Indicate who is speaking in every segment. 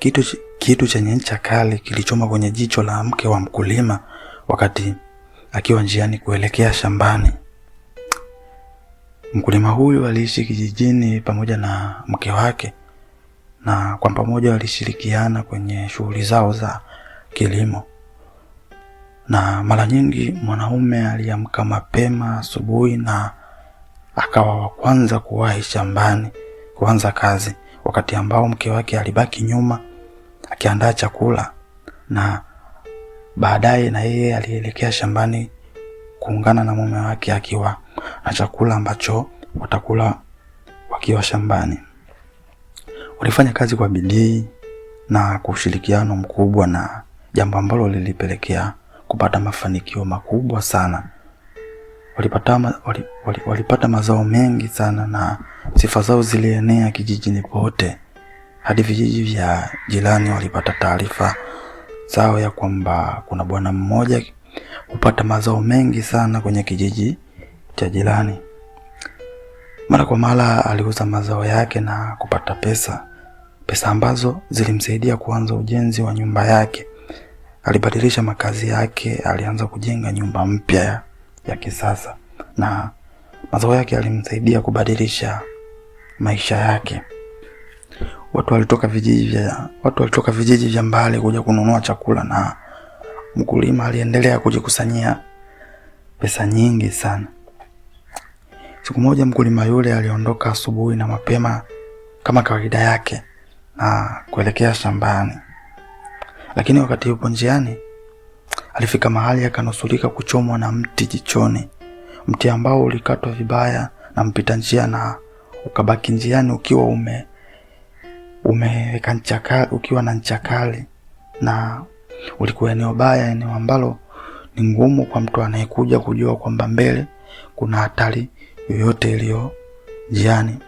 Speaker 1: Kitu, kitu chenye ncha kali kilichoma kwenye jicho la mke wa mkulima wakati akiwa njiani kuelekea shambani. Mkulima huyu aliishi kijijini pamoja na mke wake na kwa pamoja walishirikiana kwenye shughuli zao za kilimo, na mara nyingi mwanaume aliamka mapema asubuhi na akawa wa kwanza kuwahi shambani kuanza kazi wakati ambao mke wake alibaki nyuma akiandaa chakula na baadaye na yeye alielekea shambani kuungana na mume wake akiwa na chakula ambacho watakula wakiwa shambani. Walifanya kazi kwa bidii na kwa ushirikiano mkubwa, na jambo ambalo lilipelekea kupata mafanikio makubwa sana. Walipata, ma, walipata mazao mengi sana na Sifa zao zilienea kijijini pote, hadi vijiji vya jirani walipata taarifa zao ya kwamba kuna bwana mmoja hupata mazao mengi sana kwenye kijiji cha jirani. Mara kwa mara aliuza mazao yake na kupata pesa, pesa ambazo zilimsaidia kuanza ujenzi wa nyumba yake. Alibadilisha makazi yake, alianza kujenga nyumba mpya ya kisasa, na mazao yake yalimsaidia kubadilisha maisha yake. Watu walitoka vijiji vya watu walitoka vijiji vya mbali kuja kununua chakula, na mkulima aliendelea kujikusanyia pesa nyingi sana. Siku moja mkulima yule aliondoka asubuhi na mapema kama kawaida yake na kuelekea shambani, lakini wakati yupo njiani alifika mahali akanusurika kuchomwa na mti jichoni, mti ambao ulikatwa vibaya na mpita njia na ukabaki njiani ukiwa ume umeweka ncha kali, ukiwa na ncha kali, na ulikuwa eneo baya, eneo ambalo ni ngumu kwa mtu anayekuja kujua kwamba mbele kuna hatari yoyote iliyo njiani.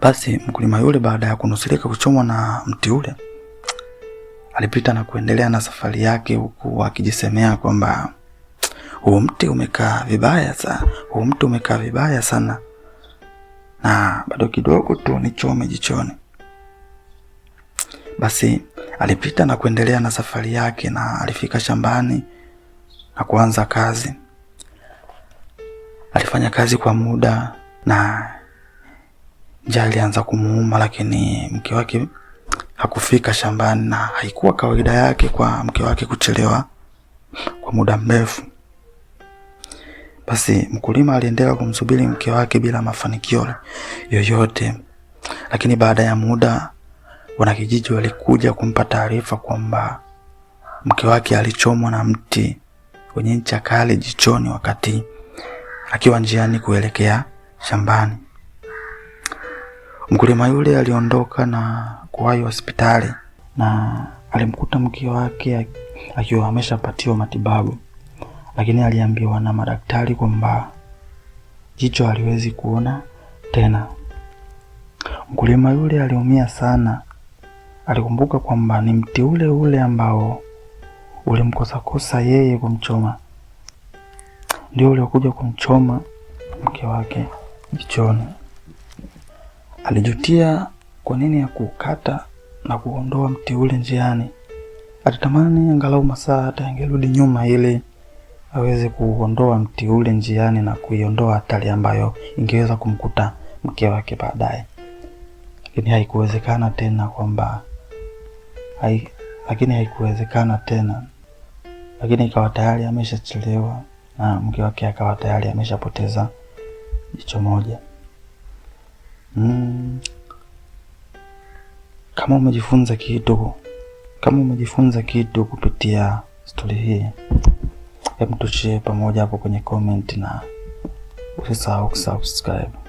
Speaker 1: Basi mkulima yule baada ya kunusurika kuchomwa na mti ule alipita na kuendelea na safari yake, huku akijisemea kwamba huu mti umekaa vibaya sana, huu mti umekaa vibaya sana na bado kidogo tu nichome jichoni. Basi alipita na kuendelea na safari yake, na alifika shambani na kuanza kazi. Alifanya kazi kwa muda na njaa ilianza kumuuma, lakini mke wake hakufika shambani, na haikuwa kawaida yake kwa mke wake kuchelewa kwa muda mrefu. Basi mkulima aliendelea kumsubiri mke wake bila mafanikio yoyote, lakini baada ya muda wanakijiji walikuja kumpa taarifa kwamba mke wake alichomwa na mti wenye ncha kali jichoni wakati akiwa njiani kuelekea shambani. Mkulima yule aliondoka na kuwahi hospitali na alimkuta mke wake akiwa ameshapatiwa matibabu lakini aliambiwa na madaktari kwamba jicho haliwezi kuona tena. Mkulima yule aliumia sana. Alikumbuka kwamba ni mti ule ule ambao ulimkosakosa yeye kumchoma, ndio uliokuja kumchoma mke wake jichoni. Alijutia kwa nini ya kukata na kuondoa mti ule njiani. Atatamani angalau masaa hata yangerudi nyuma ili aweze kuondoa mti ule njiani na kuiondoa hatari ambayo ingeweza kumkuta mke wake baadaye. Lakini haikuwezekana tena kwamba hai, lakini haikuwezekana tena, lakini ikawa tayari ameshachelewa na mke wake akawa tayari ameshapoteza jicho moja. Mm. Kama umejifunza kitu, kama umejifunza kitu kupitia stori hii Hebu tushie pamoja hapo kwenye comment na usisahau kusubscribe.